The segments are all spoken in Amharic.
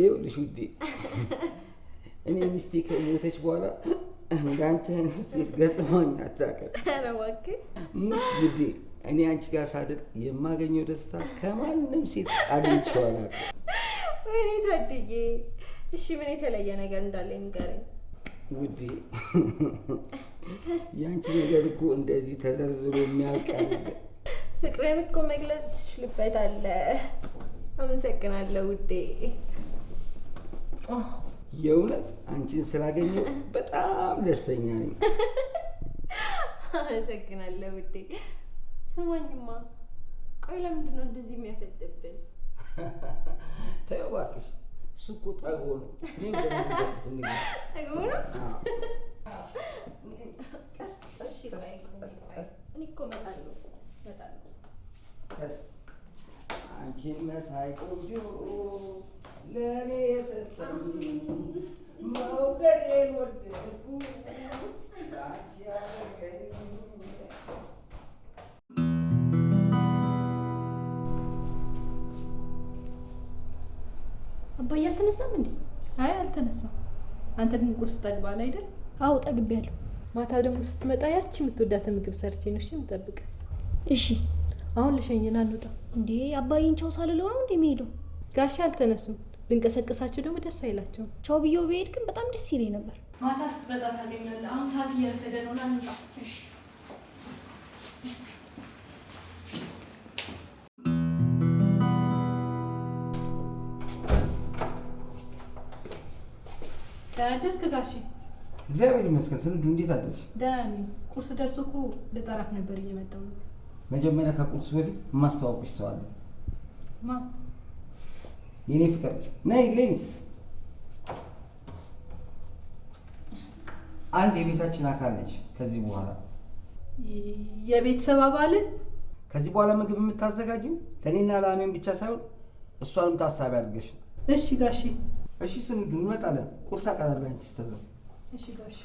ይኸውልሽ ውዴ እኔ ሚስቴ ከሞተች በኋላ እንዳንቺ አይነት ሴት ገጥማኝ አታውቅም። ኧረ እባክህ ውዴ። እኔ አንቺ ጋር ሳድር የማገኘው ደስታ ከማንም ሴት አግኝቼው አላውቅም። ወይኔ ታድዬ። እሺ ምን የተለየ ነገር እንዳለኝ ንገረኝ ውዴ። የአንቺ ነገር እኮ እንደዚህ ተዘርዝሮ የሚያልቅ አይደለም። ፍቅሬን እኮ መግለጽ ትችልበታለህ። አመሰግናለሁ ውዴ። የእውነት አንቺን ስላገኘው በጣም ደስተኛ ነኝ። አመሰግናለሁ ውዴ። ስማኝማ፣ ቆይ ለምንድን ነው እንደዚህ የሚያፈጥብን? ተይው እባክሽ፣ እሱ እኮ ጠግቦ ነው። ጠግቦ ነው። እኔ እኮ እመጣለሁ፣ እመጣለሁ። አንቺን መሳይ ቆንጆ ለእኔ የሰጠኝ መውደዴን ወደድኩ ላንቺ ያደረገኝ አባዬ አልተነሳም እንዴ? አይ አልተነሳም። አንተ ግን ቁርስ ጠግባል አይደል? አዎ ጠግቤያለሁ። ማታ ደግሞ ስትመጣ ያቺ የምትወዳት ምግብ ሰርቼ ነው እሺ እሺ አሁን ልሸኝና እንውጣ። እንዴ አባዬን ቻው ሳልለው ነው እንዴ የሚሄደው? ጋሼ አልተነሱም። ብንቀሰቀሳቸው ደግሞ ደስ አይላቸውም። ቻው ብዬው ብሄድ ግን በጣም ደስ ይለኝ ነበር። ማታ ስትመጣ አሁን ሰዓት እየረፈደ ነው። ጋሽ? እግዚአብሔር ይመስገን። ስንዱ እንዴት አለች? ደህና ነኝ። ቁርስ ደርሶ እኮ ልጠራት ነበር እየመጣሁ ነው። መጀመሪያ ከቁርሱ በፊት የማስተዋወቅሽ ሰው አለ። ማን? የኔ ፍቅር ነይ ልኝ አንድ የቤታችን አካል ነች። ከዚህ በኋላ የቤተሰብ አባል ከዚህ በኋላ ምግብ የምታዘጋጅው ለእኔና ለአሜን ብቻ ሳይሆን እሷንም ታሳቢ አድርገሽ ነው። እሺ ጋሼ። እሺ ስንዱ እንመጣለን። ቁርስ አቃናለሁ። አንቺ እሺ ጋሼ።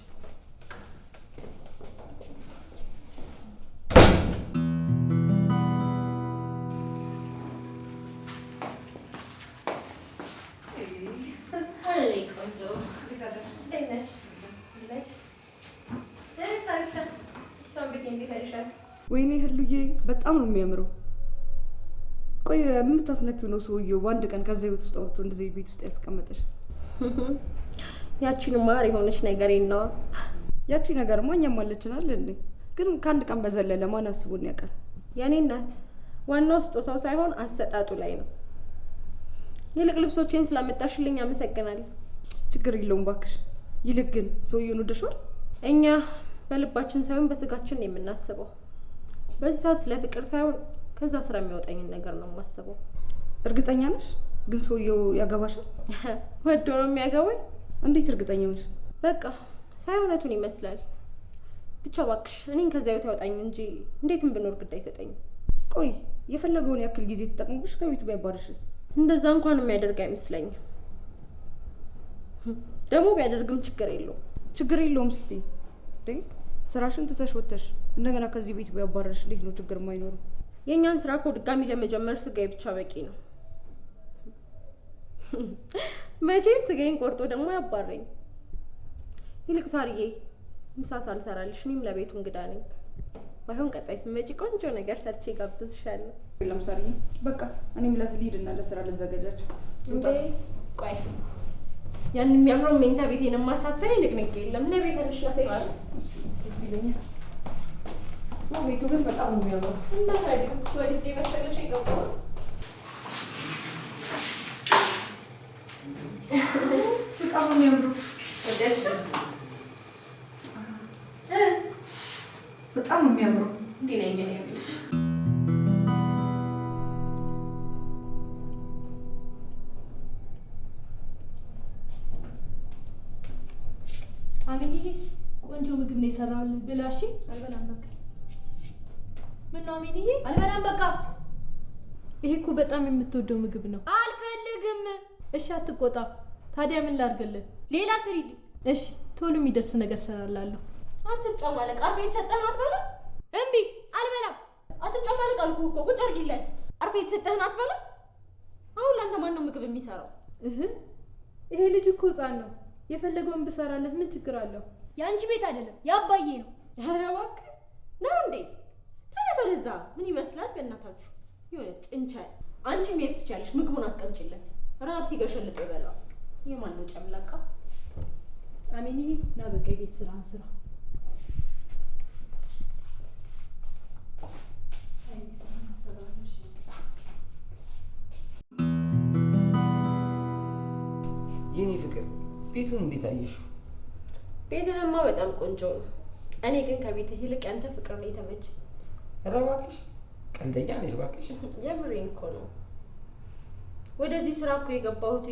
በጣም ነው የሚያምረው። ቆይ የምታስነኪው ነው ሰውየው። በአንድ ቀን ከዚ ቤት ውስጥ አውጥቶ እንደዚህ ቤት ውስጥ ያስቀመጠሽ ያቺን ማር የሆነች ነገር ነዋ። ያቺ ነገር ማ እኛም አለችን ግን ከአንድ ቀን በዘለለ ማን አስቦን ያውቃል? የእኔ እናት ዋናው ስጦታው ሳይሆን አሰጣጡ ላይ ነው። ይልቅ ልብሶችን ስላመጣሽልኝ አመሰግናለሁ። ችግር የለውም ባክሽ። ይልቅ ግን ሰውየውን ወደሻል? እኛ በልባችን ሳይሆን በስጋችን ነው የምናስበው። በዚህ ሰዓት ስለ ፍቅር ሳይሆን ከዛ ስራ የሚያወጣኝን ነገር ነው የማስበው። እርግጠኛ ነሽ ግን ሰውየው ያገባሻል? ወዶ ነው የሚያገባኝ? እንዴት እርግጠኛ ነሽ? በቃ ሳይ እውነቱን ይመስላል። ብቻ እባክሽ እኔን ከዛ ህይወት ያወጣኝ እንጂ እንዴትም ብኖር ግድ አይሰጠኝም። ቆይ የፈለገውን ያክል ጊዜ ተጠቅሞብሽ ከቤቱ ቢያባርሽስ? እንደዛ እንኳን የሚያደርግ አይመስለኝም። ደግሞ ቢያደርግም ችግር የለውም። ችግር የለውም ስትይ ስራሽን ትተሽ ወተሽ እንደገና ከዚህ ቤት ቢያባረርሽ እንዴት ነው ችግር የማይኖሩ? የእኛን ስራ እኮ ድጋሚ ለመጀመር ስጋዬ ብቻ በቂ ነው። መቼም ስጋዬን ቆርጦ ደግሞ ያባረኝ። ይልቅ ሳርዬ ምሳ ሳልሰራልሽ እኔም ለቤቱ እንግዳ ነኝ። ባይሆን ቀጣይ ስመጪ ቆንጆ ነገር ሰርቼ ጋብዝሻለሁ። የለም ሳርዬ በቃ እኔም እና ለስራ ልዘጋጃች። ቆይ ያን የሚያምረው መኝታ ቤቴን ማሳታ ይንቅንቅ የለም ነቤተንሽ ላሳይ ይለኛል ቤቱ ግን በጣም የሚያምረው እና ታዲያ ወድጄ መሰለሽ የገባሁት በጣም የሚያምሩ በጣም ቆንጆ ምግብ ነው የሰራሁልህ ብላ። አልበላም በቃ ምነው አሜንዬ አልበላም። በቃ ይሄ እኮ በጣም የምትወደው ምግብ ነው። አልፈልግም። እሺ አትቆጣ። ታዲያ ምን ላድርግልህ? ሌላ ስሪልኝ። እሺ ቶሎ የሚደርስ ነገር ሰራላለሁ። አትጨማለቅ። አርፌ የተሰጠህን አትበላ። እምቢ አልበላም። አትጨማለቅ አልኩህ እኮ። ቁጭ አድርጊለት። አርፌ የተሰጠህን አትበላ። አሁን ለአንተ ማን ነው ምግብ የሚሰራው? እህ ይሄ ልጅ እኮ ህፃን ነው። የፈለገውን ብሰራለት ምን ችግር አለው? የአንቺ ቤት አይደለም የአባዬ ነው። ኧረ እባክህ ነው እንዴ ወይስ ወደዛ? ምን ይመስላል? በእናታችሁ የሆነ ጭንቻል። አንቺ መሄድ ትችያለሽ። ምግቡን አስቀምጪለት፣ ረሀብ ሲገሸልጦ ይበላዋል። የማን ነው ጨምላቃ? አሚኒ ና በቃ የቤት ስራህን ስራ። የኔ ፍቅር ቤቱን እንዴት አየሽው? ቤትንማ በጣም ቆንጆ ነው። እኔ ግን ከቤትህ ይልቅ ያንተ ፍቅር ነው የተመቸኝ። ኧረ እባክሽ ቀልደኛ ነሽ እባክሽ። የምሬን እኮ ነው። ወደዚህ ስራ እኮ የገባሁት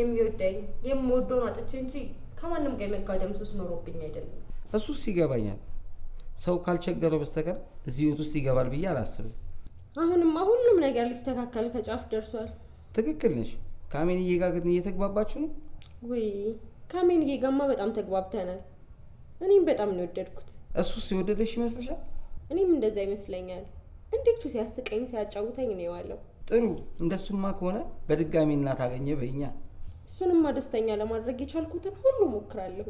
የሚወደኝ የምወደውን አጥቼ እንጂ ከማንም ጋር የመጋደም ሱስ ኖሮብኝ አይደለም። እሱስ ይገባኛል። ሰው ካልቸገረው በስተቀር እዚህ ህይወት ውስጥ ይገባል ብዬ አላስብም። አሁንማ ሁሉም ነገር ሊስተካከል ከጫፍ ደርሷል። ትክክል ነሽ። ከአሜንዬ ጋር ግን እየተግባባችሁ ነው? ውይ ከአሜንዬ ጋማ በጣም ተግባብተናል። እኔም በጣም ነው የወደድኩት። እሱስ የወደደሽ ይመስልሻል? እኔም እንደዛ ይመስለኛል። እንዴቹ ሲያስቀኝ ሲያጫውተኝ ነው የዋለው። ጥሩ እንደሱማ ከሆነ በድጋሚ እናት አገኘ እሱንማ ደስተኛ ለማድረግ የቻልኩትን ሁሉ ሞክራለሁ።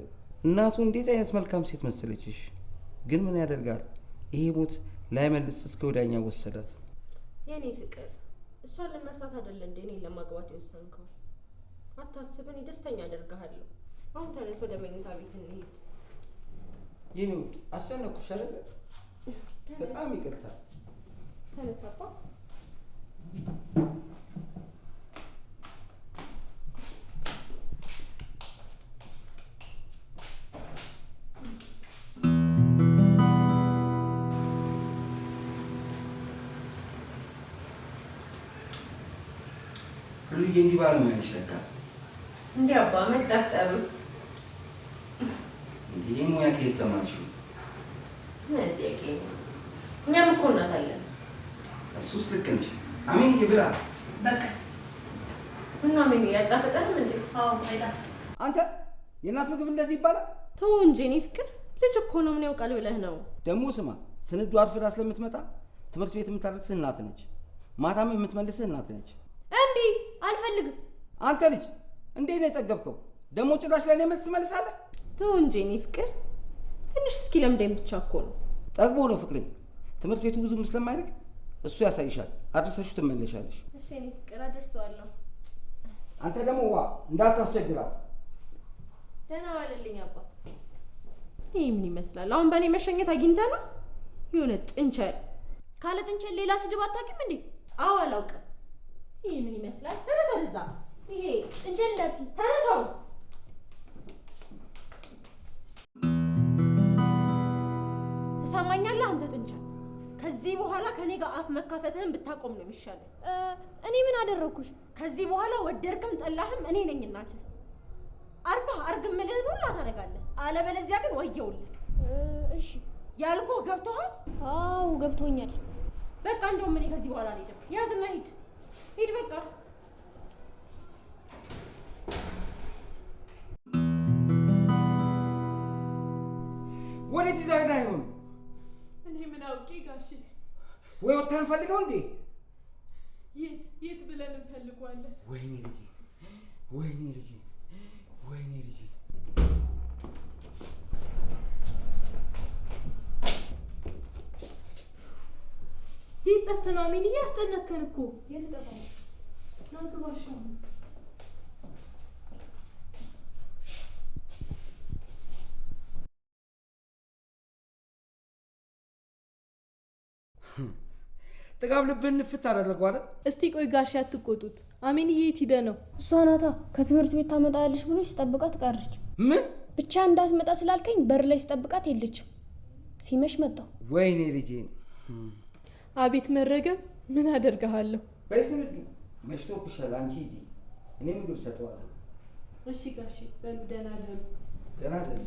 እናቱ እንዴት አይነት መልካም ሴት መሰለችሽ! ግን ምን ያደርጋል ይሄ ሞት ላይመልስ እስከ ወዳኛ ወሰዳት። የኔ ፍቅር እሷን ለመርሳት አይደለ እንደ እኔን ለማግባት የወሰንከው? አታስብን፣ ደስተኛ አደርግሃለሁ። አሁን ተነስ፣ ወደ መኝታ ቤት እንሄድ። የኔ ውድ በጣም ይቅርታ ተነሳባ ሁሉዬ እንዲህ ባለሙያ ነሽ ለካ። እንዲህ አባ መጣጣሉስ? እንዲህ ሙያ ከየት ተማርሽው? ሱስ ልክ ነሽ። አሜን ይብላ በቃ አንተ የእናት ምግብ እንደዚህ ይባላል? ተው እንጂ እኔ ፍቅር ልጅ እኮ ነው። ምን ያውቃል ብለህ ነው? ደግሞ ስማ፣ ስንዱ አርፍዳ ስለምትመጣ ትምህርት ቤት የምታደርስህ እናት ነች፣ ማታም የምትመልስህ እናት ነች። እምቢ አልፈልግም። አንተ ልጅ እንዴት ነው የጠገብከው? ደግሞ ጭራሽ ለእኔ መልስ ትመልሳለህ? ተው እንጂ እኔ ፍቅር ትንሽ እስኪ ለምደኝ ብቻ እኮ ነው። ጠግቦ ነው ፍቅሬ። ትምህርት ቤቱ ብዙም ስለማይልቅ እሱ ያሳይሻል። አድርሰሹ ትመለሻለሽ። እሺ እኔ ፍቅር አደርሰዋለሁ። አንተ ደግሞ ዋ እንዳታስቸግራት። ደህና ዋልልኝ አባ። ይህ ምን ይመስላል? አሁን በእኔ መሸኘት አግኝተ ነው? የሆነ ጥንቸል ካለ ጥንቸል ሌላ ስድብ አታውቂም እንዴ? አዎ አላውቅም። ይህ ምን ይመስላል? ተነሳ ወደዛ። ይሄ ጥንቸል እንዳት ተነሳው ትሰማኛለህ? አንተ ጥንቸል ከዚህ በኋላ ከኔ ጋር አፍ መካፈትህን ብታቆም ነው የሚሻለው። እኔ ምን አደረግኩሽ? ከዚህ በኋላ ወደድክም ጠላህም እኔ ነኝ እናትህ። አርፋህ ምልህን ሁላ ታደርጋለህ። አለበለዚያ ግን ወየውልህ። እሺ ያልኮ ገብቶሃል? አዎ ገብቶኛል። በቃ እንደውም እኔ ከዚህ በኋላ አልሄድም። ያዝና ሂድ፣ ሂድ በቃ ወዴት ይዛ ሄዳ አውቄ ጋሼ። ወይ ወጥተን እንፈልገው እንዴ? የት የት ብለን እንፈልገዋለን? ወይኔ ልጄ፣ ወይኔ ልጄ፣ ወይኔ ልጄ። ይህ ጠፍተናሚን እያስጨነከን እኮ የት ጠፋ ናግባሻ ጥጋብ ልብህን ንፍት አደረገው አይደል? እስቲ ቆይ ጋሽ አትቆጡት። አሜን የት ሂደ ነው? እሷ ናታ ከትምህርት ቤት ታመጣለች ብሎ ስጠብቃት ቀረች። ምን ብቻ እንዳትመጣ ስላልከኝ በር ላይ ሲጠብቃት የለችም። ሲመሽ መጣው። ወይኔ ልጄ። አቤት መረገም፣ ምን አደርግሃለሁ። በስንዱ መሽቶብሻል። አንቺ ሂጂ፣ እኔ ምግብ ሰጠዋለሁ። እሺ ጋሽ፣ በሉ ደህና ደሩ። ደህና ደሩ።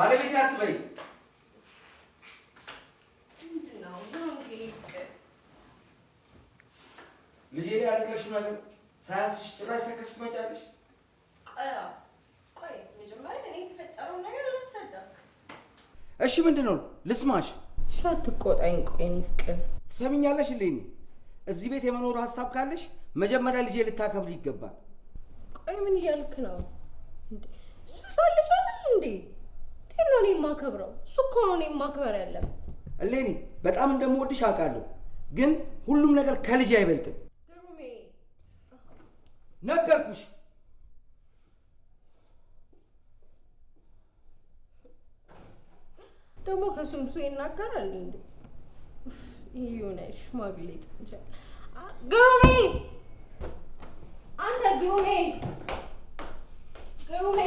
ባለቤት አትበይ። ልጄ ያደረግሽ ነገር ሳያስሽ ጭራሽ ሰከስ ትመጫለሽ። እሺ ምንድን ነው ልስማሽ። ሻት ቆጣኝ። ቆይ እኔ ፍቅር ትሰሚኛለሽ? እልኝ እዚህ ቤት የመኖሩ ሀሳብ ካለሽ መጀመሪያ ልጄ ልታከብር ይገባል። ቆይ ምን እያልክ ነው? እሱ ሳለች እንዴ ይሄን ነው እኔ የማከብረው። እሱ እኮ ነው እኔ ማክበር ያለም። እሌኒ በጣም እንደምወድሽ አውቃለሁ፣ ግን ሁሉም ነገር ከልጅ አይበልጥም። ግሩሜ ነገርኩሽ። ደግሞ ከሱም ብዙ ይናገራል እንዴ? ይሁነ ሽማግሌ ጥንቻ። ግሩሜ አንተ ግሩሜ ግሩሜ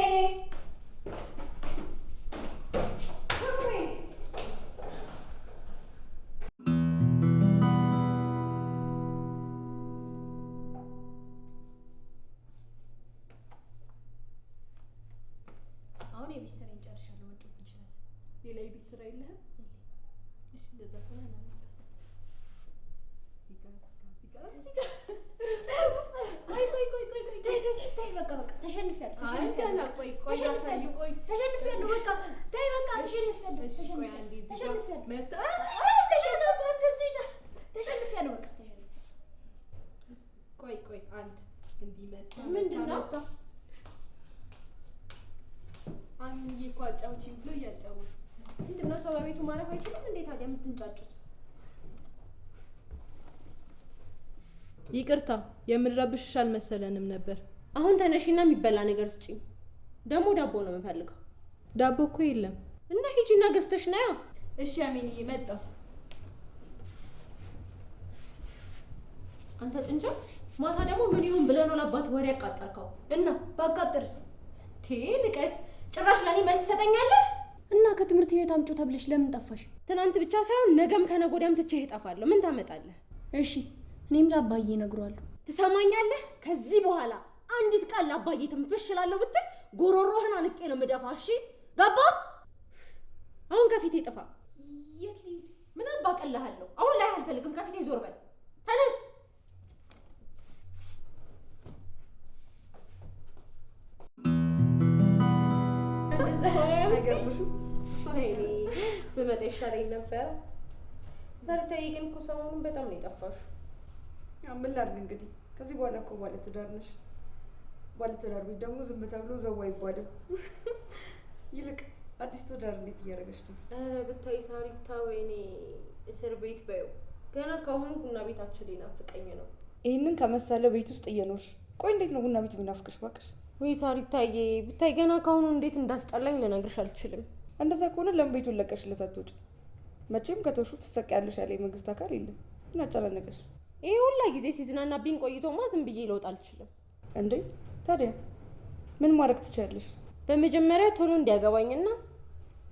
ቆይ ቆይ አንድ እንዲመጣ እኮ አጫውቺኝ ብሎ እያጫወቱ ምንድን ነው ሰው በቤቱ ማረፍ አይችልም እንዴ ታዲያ የምትንጫጩት ይቅርታ የምንረብሽሽ አልመሰለንም ነበር አሁን ተነሽና የሚበላ ነገር ስጭኝ ደግሞ ዳቦ ነው የምፈልገው ዳቦ እኮ የለም እና ሂጂና ገዝተሽ ነያ እሺ አሜንዬ መጣሁ። አንተ ጭንጫ ማታ ደግሞ ምን ይሁን ብለህ ነው ለአባት ወሬ ያቃጠልከው? እና ባቃጠርስ ቴ ልቀት ጭራሽ ለኔ መልስ ትሰጠኛለህ? እና ከትምህርት ቤት አምጪ ተብለሽ ለምን ጠፋሽ? ትናንት ብቻ ሳይሆን ነገም ከነገ ወዲያም ትቼህ እጠፋለሁ። ምን ታመጣለህ? እሺ እኔም ለአባዬ እነግረዋለሁ። ትሰማኛለህ? ከዚህ በኋላ አንዲት ቃል ለአባዬ ትንፍሽ እላለሁ ብትል ጉሮሮህን አንቄ ነው የምደፋ። እሺ ገባ? አሁን ከፊቴ ጥፋ። ምን አባቀልሃለሁ? አሁን ላይ አልፈልግም። ከፊቴ ዞር በል። ተነስ። ብመጣ ይሻለኝ ነበረ። ሰርተይ ግን እኮ ሰሞኑን በጣም ነው የጠፋሹ። ምን ላድርግ እንግዲህ ከዚህ በኋላ እኮ ባለ ትዳር ነሽ። ባለ ትዳር ቤት ደግሞ ዝም ተብሎ ዘዋ ይባልም ይልቅ አዲስ ትዳር እንዴት እያደረገች ነው? ኧረ ብታይ ሳሪታ፣ ወይኔ እስር ቤት በይው። ገና ከአሁኑ ቡና ቤታችን ሊናፍቀኝ ነው። ይህንን ከመሰለ ቤት ውስጥ እየኖርሽ ቆይ፣ እንዴት ነው ቡና ቤት የሚናፍቅሽ? እባክሽ ወይ ሳሪታዬ፣ ብታይ ገና ከአሁኑ እንዴት እንዳስጠላኝ ልነግርሽ አልችልም። እንደዛ ከሆነ ለምን ቤቱን ለቀሽ ለታትወጭ? መቼም ከተውሹ ትሰቃያለሽ ያለ የመንግስት አካል የለም። ምን አጨናነቀሽ? ይህ ሁላ ጊዜ ሲዝናናብኝ ቆይቶማ ዝም ብዬ ለውጥ አልችልም እንዴ። ታዲያ ምን ማድረግ ትችያለሽ? በመጀመሪያ ቶሎ እንዲያገባኝና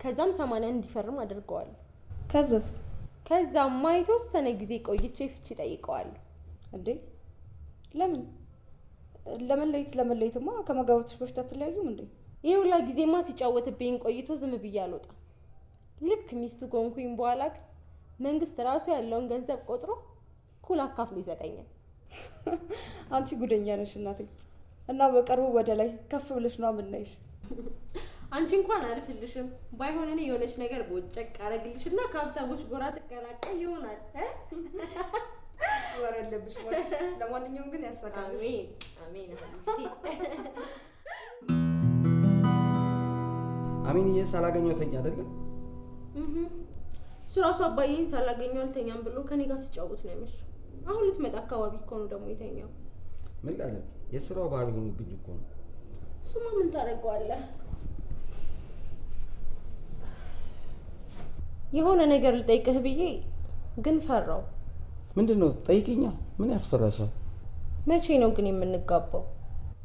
ከዛም ሰማንያ እንዲፈርም አድርገዋለሁ። ከዛስ? ከዛማ የተወሰነ ጊዜ ቆይቼ ፍቺ ጠይቀዋል። እንዴ ለምን? ለመለየት ለመለየትማ ከመጋባቶች በፊት አትለያዩም እንዴ? ይህ ሁላ ጊዜማ ሲጫወትብኝ ቆይቶ ዝም ብዬ አልወጣም። ልክ ሚስቱ ጎንኩኝ በኋላ ግን መንግስት ራሱ ያለውን ገንዘብ ቆጥሮ ኩል አካፍሎ ይሰጠኛል። አንቺ ጉደኛ ነሽ እናቴ። እና በቅርቡ ወደ ላይ ከፍ ብለሽ ነው የምናይሽ። አንቺ እንኳን አልፍልሽም። ባይሆን እኔ የሆነች ነገር ቦጨቅ አረግልሽና ከሀብታሞች ጎራ ትቀላቀይ ይሆናል። ወር ያለብሽ ለማንኛውም ግን ያሳካልሽ። አሜን አሜን። ይሄ ሳላገኘው ተኛ አይደለም እሱ ራሱ አባዬን ሳላገኘው አልተኛም ብሎ ከኔ ጋር ሲጫወት ነው ያመሸ። አሁን ልትመጣ አካባቢ እኮ ነው ደግሞ የተኛው። ምን ላለት የስራው ባህል ሆኖብኝ እኮ ነው እሱማ ምን ታደርገዋለህ? የሆነ ነገር ልጠይቅህ ብዬ ግን ፈራው። ምንድን ነው? ጠይቅኛ። ምን ያስፈራሻል? መቼ ነው ግን የምንጋባው?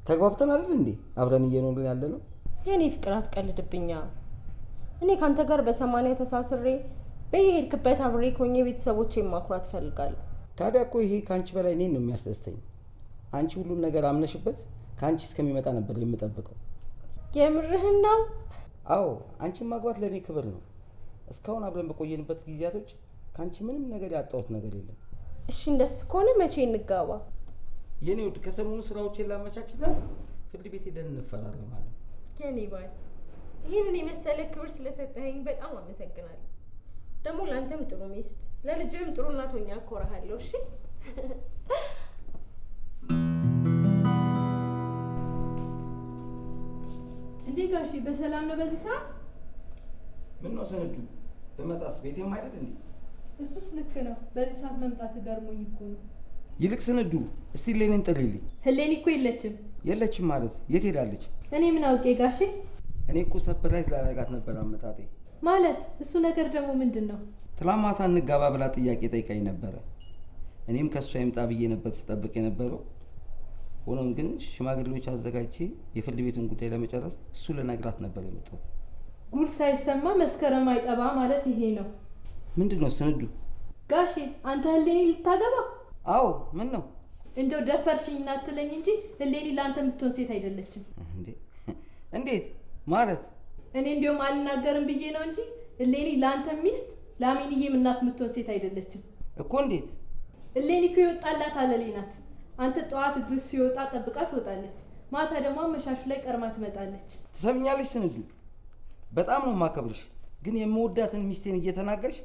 ተግባብተን አይደል እንዴ? አብረን እየኖርን ያለ ነው። የእኔ ፍቅር አትቀልድብኛ። እኔ ከአንተ ጋር በሰማንያ ተሳስሬ በየሄድክበት አብሬ ከሆኜ ቤተሰቦቼ ማኩራት እፈልጋለሁ። ታዲያ እኮ ይሄ ከአንቺ በላይ እኔን ነው የሚያስደስተኝ። አንቺ ሁሉን ነገር አምነሽበት ከአንቺ እስከሚመጣ ነበር የምጠብቀው። የምርህን ነው? አዎ፣ አንቺን ማግባት ለእኔ ክብር ነው። እስካሁን አብረን በቆየንበት ጊዜያቶች ከአንቺ ምንም ነገር ያጣሁት ነገር የለም። እሺ፣ እንደሱ ከሆነ መቼ እንጋባ? የኔ ውድ፣ ከሰሞኑ ስራዎችን ላመቻችላል ፍርድ ቤት ሄደን እንፈራረማለን። የኔ ባል፣ ይህንን የመሰለ ክብር ስለሰጠኸኝ በጣም አመሰግናለሁ። ደግሞ ለአንተም ጥሩ ሚስት፣ ለልጅህም ጥሩ እናቶኛ ሆኜ አኮራሃለሁ። እሺ እንዴ ጋሺ በሰላም ነው በዚህ ሰዓት? ምን ነው ሰነዱ በመጣስ ቤቴም አይደል እንዴ? እሱስ ልክ ነው። በዚህ ሰዓት መምጣት ገርሞኝ እኮ ነው። ይልቅ ስንዱ እስቲ ሌኔን ጥሪልኝ። ህሌን እኮ የለችም። የለችም ማለት የት ሄዳለች? እኔ ምን አውቄ ጋሽ። እኔ እኮ ሰፕራይዝ ላረጋት ነበር አመጣጤ። ማለት እሱ ነገር ደግሞ ምንድን ነው? ትላንት ማታ እንጋባ ብላ ጥያቄ ጠይቃኝ ነበረ። እኔም ከእሷ ይምጣ ብዬ ነበር ስጠብቅ የነበረው ሆኖም ግን ሽማግሌዎች አዘጋጅቼ የፍርድ ቤቱን ጉዳይ ለመጨረስ እሱ ለነግራት ነበር የመጣሁት። ጉድ ሳይሰማ መስከረም አይጠባ ማለት ይሄ ነው። ምንድን ነው ስንዱ? ጋሼ አንተ ህሌኒ ልታገባ? አዎ። ምን ነው እንደው ደፈርሽኝ እናትለኝ እንጂ ህሌኒ ለአንተ የምትሆን ሴት አይደለችም። እንዴት ማለት? እኔ እንዲሁም አልናገርም ብዬ ነው እንጂ እሌኒ ለአንተ ሚስት ለአሜንዬም እናት የምትሆን ሴት አይደለችም እኮ። እንዴት? እሌኒ እኮ የወጣላት አለሌ ናት። አንተ ጠዋት ድረስ ሲወጣ ጠብቃ ትወጣለች፣ ማታ ደግሞ አመሻሹ ላይ ቀርማ ትመጣለች። ትሰምኛለሽ ስንዱ፣ በጣም ነው የማከብርሽ፣ ግን የምወዳትን ሚስቴን እየተናገርሽ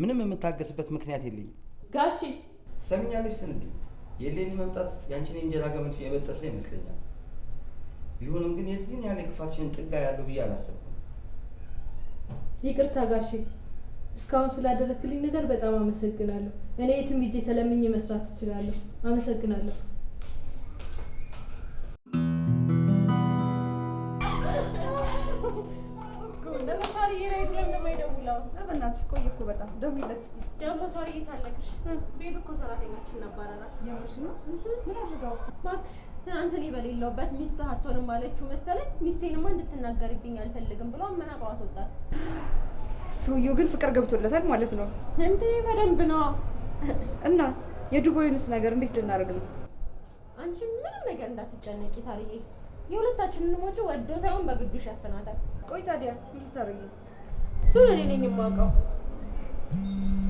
ምንም የምታገስበት ምክንያት የለኝም። ጋሺ ትሰምኛለሽ ስንዱ፣ የሌን መምጣት ያንቺን የእንጀራ ገመድ የበጠሰ ይመስለኛል። ቢሆንም ግን የዚህን ያህል ክፋትሽን ጥጋ ያለው ብዬ አላሰብኩም። ይቅርታ ጋሺ እስካሁን ስላደረክልኝ ነገር በጣም አመሰግናለሁ። እኔ የትም ሂጄ ተለምኜ መስራት እችላለሁ። አመሰግናለሁ። በእናትሽ ቆይ እኮ በጣም እስኪ። ደግሞ እኮ ሰራተኛችን የምርሽ ነው? ምን አድርገው? እባክሽ ትናንት እኔ በሌለውበት ሚስትህ አትሆንም አለችው መሰለኝ። ሚስቴንማ እንድትናገርብኝ አልፈልግም ብሎ አመናቅሮ አስወጣት። ሰውየው ግን ፍቅር ገብቶለታል ማለት ነው። እንዴ በደንብ ነው። እና የዱባዩንስ ነገር እንዴት ልናደርግ ነው? አንቺ ምንም ነገር እንዳትጨነቂ ሳርዬ፣ የሁለታችንን ሞት ወዶ ሳይሆን በግዱ ይሸፍናታል። ቆይ ታዲያ ምን ልታደርጊ? እሱን እኔ ነኝ የማውቀው።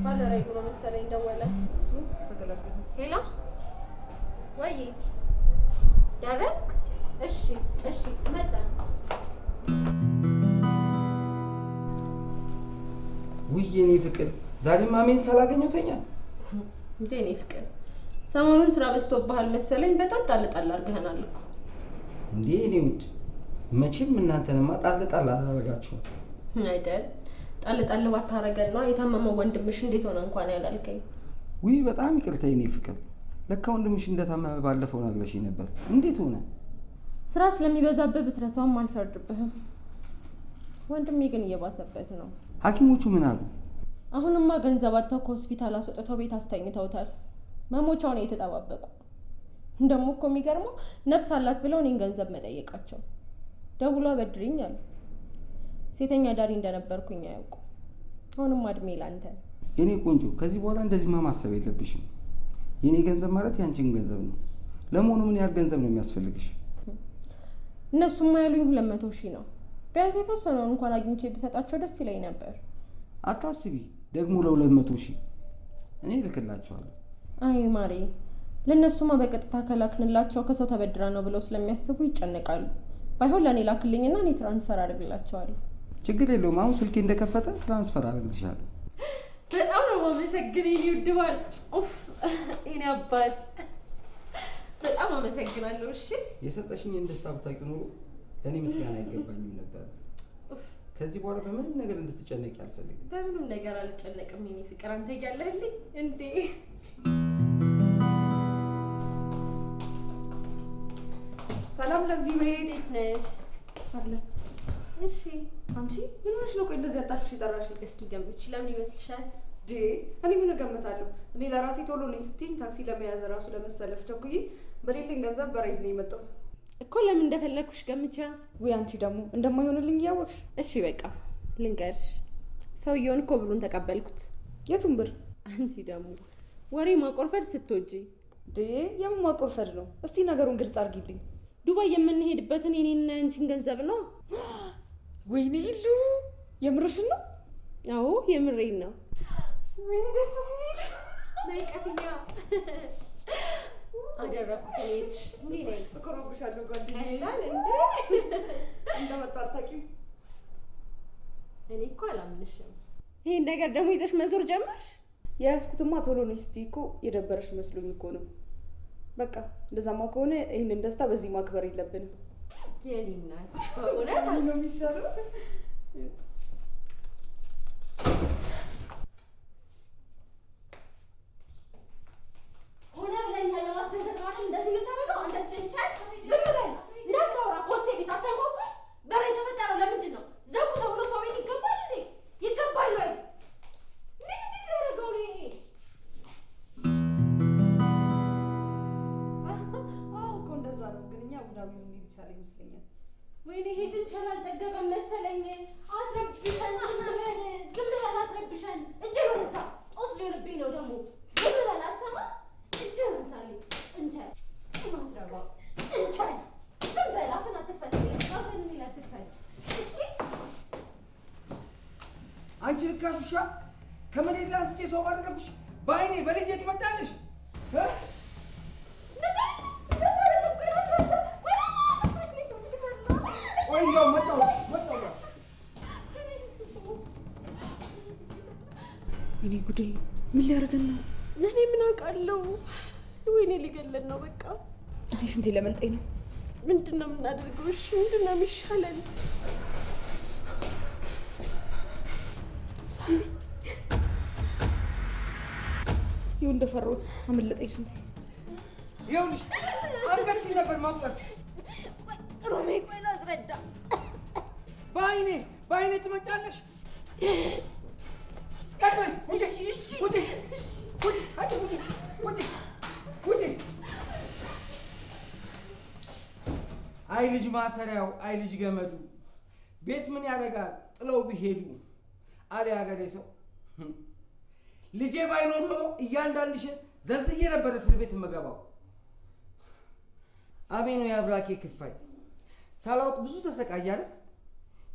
ባለራይ ብሎ መሰለኝ ደወለ። ተገላገለ። ሄላ ወይ ደረስክ? እሺ እሺ መጣ ውይ ፍቅር ዛሬም አሜን ሳላገኘው ተኛ እንዴ? ፍቅር ሰሞኑን ስራ በዝቶብሃል መሰለኝ። በጣም ጣል ጣል አድርገህናል እኮ እንዴ? እኔ ውድ መቼም እናንተንማ ጣል ጣል አላደረጋችሁም አይደል? ጣል ጣል ባታረገና የታመመው ወንድምሽ እንዴት ሆነ እንኳን ያላልከኝ። ውይ በጣም ይቅርታ የኔ ፍቅር። ለካ ወንድምሽ እንደታመመ ባለፈው ነግረሽ ነበር። እንዴት ሆነ? ስራ ስለሚበዛብህ ብትረሳውም አልፈርድብህም! ወንድሜ ግን እየባሰበት ነው። ሐኪሞቹ ምን አሉ? አሁንማ ገንዘብ አጥተው ከሆስፒታል አስወጥተው ቤት አስተኝተውታል። መሞቻውን የተጠባበቁ ደግሞ እኮ የሚገርመው ነፍስ አላት ብለው እኔን ገንዘብ መጠየቃቸው። ደውሎ በድርኝ አሉ። ሴተኛ ዳሪ እንደነበርኩኝ አያውቁ። አሁንም አድሜ ላንተ። የኔ ቆንጆ፣ ከዚህ በኋላ እንደዚህማ ማሰብ የለብሽም። የኔ ገንዘብ ማለት ያንቺን ገንዘብ ነው። ለመሆኑ ምን ያህል ገንዘብ ነው የሚያስፈልግሽ? እነሱማ ያሉኝ ሁለት መቶ ሺህ ነው ቢያንስ የተወሰነውን እንኳን አግኝቼ ብሰጣቸው ደስ ይለኝ ነበር። አታስቢ፣ ደግሞ ለሁለት መቶ ሺህ እኔ እልክላቸዋለሁ። አይ ማሬ፣ ለእነሱማ በቀጥታ ከላክንላቸው ከሰው ተበድራ ነው ብለው ስለሚያስቡ ይጨነቃሉ። ባይሆን ለእኔ ላክልኝና እኔ ትራንስፈር አድርግላቸዋለሁ። ችግር የለውም። አሁን ስልኬ እንደከፈተ ትራንስፈር አድርግልሻለሁ። በጣም ነው ማመሰግን ይውድባል። ኡፍ እኔ አባት በጣም አመሰግናለሁ። እሺ የሰጠሽኝ እንደስታ ብታውቂ ኖሮ ለእኔ ምስጋና አይገባኝም ነበር። ከዚህ በኋላ በምንም ነገር እንድትጨነቅ አልፈልግም። በምንም ነገር አልጨነቅም የእኔ ፍቅር፣ አንተ እያለህልኝ እንዴ ሰላም ለዚህ ቤት ነሽ አለ። እሺ አንቺ ምን ሆነሽ ነው? ቆይ እንደዚህ ያጣፍሽ የጠራሽ እስኪ ገምች። ለምን ይመስልሻል? ዴ እኔ ምን እገምታለሁ? እኔ ለራሴ ቶሎ ነኝ ስትይኝ ታክሲ ለመያዝ ራሱ ለመሰለፍ ቸኩዬ በሌለኝ ገንዘብ በሬድ ነው የመጣሁት። እኮ ለምን እንደፈለግኩሽ ገምቻ። ውይ አንቺ ደግሞ እንደማይሆንልኝ እያወቅሽ። እሺ በቃ ልንገርሽ፣ ሰውየውን እኮ ብሩን ተቀበልኩት። የቱን ብር? አንቺ ደግሞ ወሬ ማቆርፈድ ስትወጂ። የምን ማቆርፈድ ነው? እስቲ ነገሩን ግልጽ አድርጊልኝ። ዱባይ የምንሄድበትን የኔና ያንቺን ገንዘብ ነው። ወይኔ ይሉ የምርሽን ነው? አዎ የምሬን ነው። ወይኔ ደስ ሲል አደረኩት። እኔት እንዴ ነኝ እኮረብሻለሁ ጓደኛዬ ይላል እንደመጣ አታውቂም። እኔ እኮ አላምንሽም። ይሄን ነገር ደግሞ ይዘሽ መዞር ጀመርሽ። የያዝኩትማ ቶሎ ነው። እስቲ እኮ የደበረሽ መስሎኝ እኮ ነው። በቃ እንደዛማ ከሆነ ይህንን ደስታ በዚህ ማክበር የለብንም። የኔ እናት በእውነት ነው doesn't ሊያደርገን ነው? እኔ ምን አውቃለሁ። ወይኔ ሊገለን ነው። በቃ አይሽ እንዴ ለመንጠኝ ነው። ምንድን ነው የምናደርገው? እሺ ምንድን ነው የሚሻለን? ይኸው እንደፈራሁት አመለጠኝ። ስንቴ ይኸውልሽ፣ አንቀርሽ ነበር ማውጣት ሮሜ ቆይ ላስረዳ። በአይኔ በአይኔ ትመጫለሽ አይ ልጅ ማሰሪያው፣ አይ ልጅ ገመዱ፣ ቤት ምን ያደርጋል ጥለው ቢሄዱ። አለ ያገሬ ሰው። ልጄ ባይኖር ኖሮ እያንዳንድሽን ዘልዝዬ ነበር እስር ቤት የምገባው። አሜኖ የአብራኬ ክፋይ ሳላውቅ ብዙ ተሰቃያለ።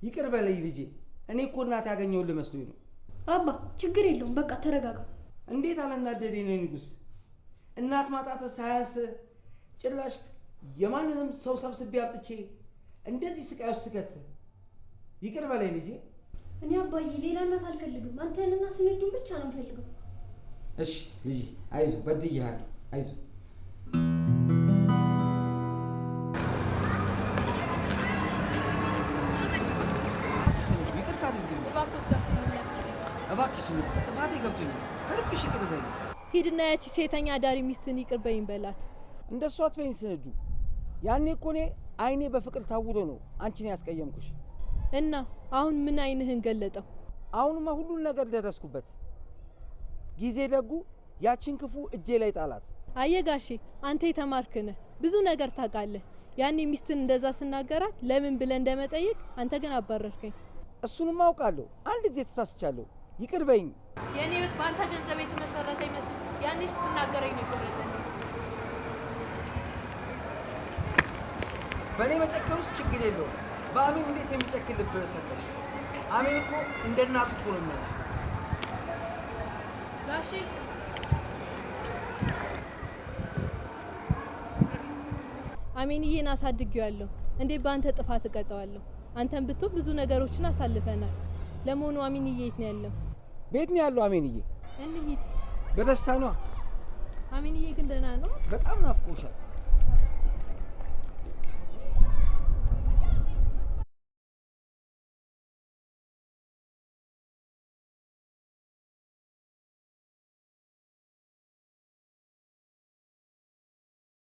ይቅር በለኝ ልጄ፣ እኔ እኮ እናት ያገኘውን ልመስሎኝ ነው። አባ ችግር የለውም በቃ ተረጋጋ። እንዴት አለናደደ ነው ንጉስ? እናት ማጣት ሳያንስ ጭራሽ የማንንም ሰው ሰብስቤ አብጥቼ እንደዚህ ስቃይ ውስጥ ስከት። ይቅር በላይ ልጄ። እኔ አባዬ ሌላ እናት አልፈልግም። አንተንና ስንዱን ብቻ ነው የምፈልገው። እሺ ልጄ፣ አይዞ በድዬሃለሁ፣ አይዞ እባክሽ። ጥፋቴ ገብቶኛል ይቅርብሽ፣ ይቅርበኝ። ሂድና ያቺ ሴተኛ አዳሪ ሚስትን ይቅርበኝ በላት። እንደ እሷ አትበይኝ ስንዱ። ያኔ እኮ እኔ አይኔ በፍቅር ታውሎ ነው አንቺን ያስቀየምኩሽ። እና አሁን ምን አይንህን ገለጠው? አሁንማ ሁሉን ነገር ደረስኩበት። ጊዜ ደጉ ያቺን ክፉ እጄ ላይ ጣላት። አየጋሼ አንተ የተማርክ ነህ፣ ብዙ ነገር ታውቃለህ። ያኔ ሚስትን እንደዛ ስናገራት ለምን ብለህ እንደመጠየቅ አንተ ግን አባረርከኝ። እሱንም አውቃለሁ። አንድ ጊዜ ተሳስቻለሁ። ይቅር በይኝ። የእኔ ቤት በአንተ ገንዘብ የተመሰረተ ይመስል ያኔ ስትናገረኝ ነበር። በእኔ መጨከር ውስጥ ችግር የለውም። በአሚን እንዴት የሚጨክል ልብ ሰጠሽ? አሚን እኮ እንደ እናት እኮ ነው የሚሆነው። ጋሼ አሜንዬን አሳድጌዋለሁ። እንዴት በአንተ ጥፋት እቀጠዋለሁ? አንተን ብትሆን ብዙ ነገሮችን አሳልፈናል። ለመሆኑ አሜንዬ የት ነው ያለው? ቤት ነው ያለው። አሜንዬ እንሂድ። በደስታ ነው። አሜንዬ ግን ደህና ነው። በጣም ናፍቆሻል።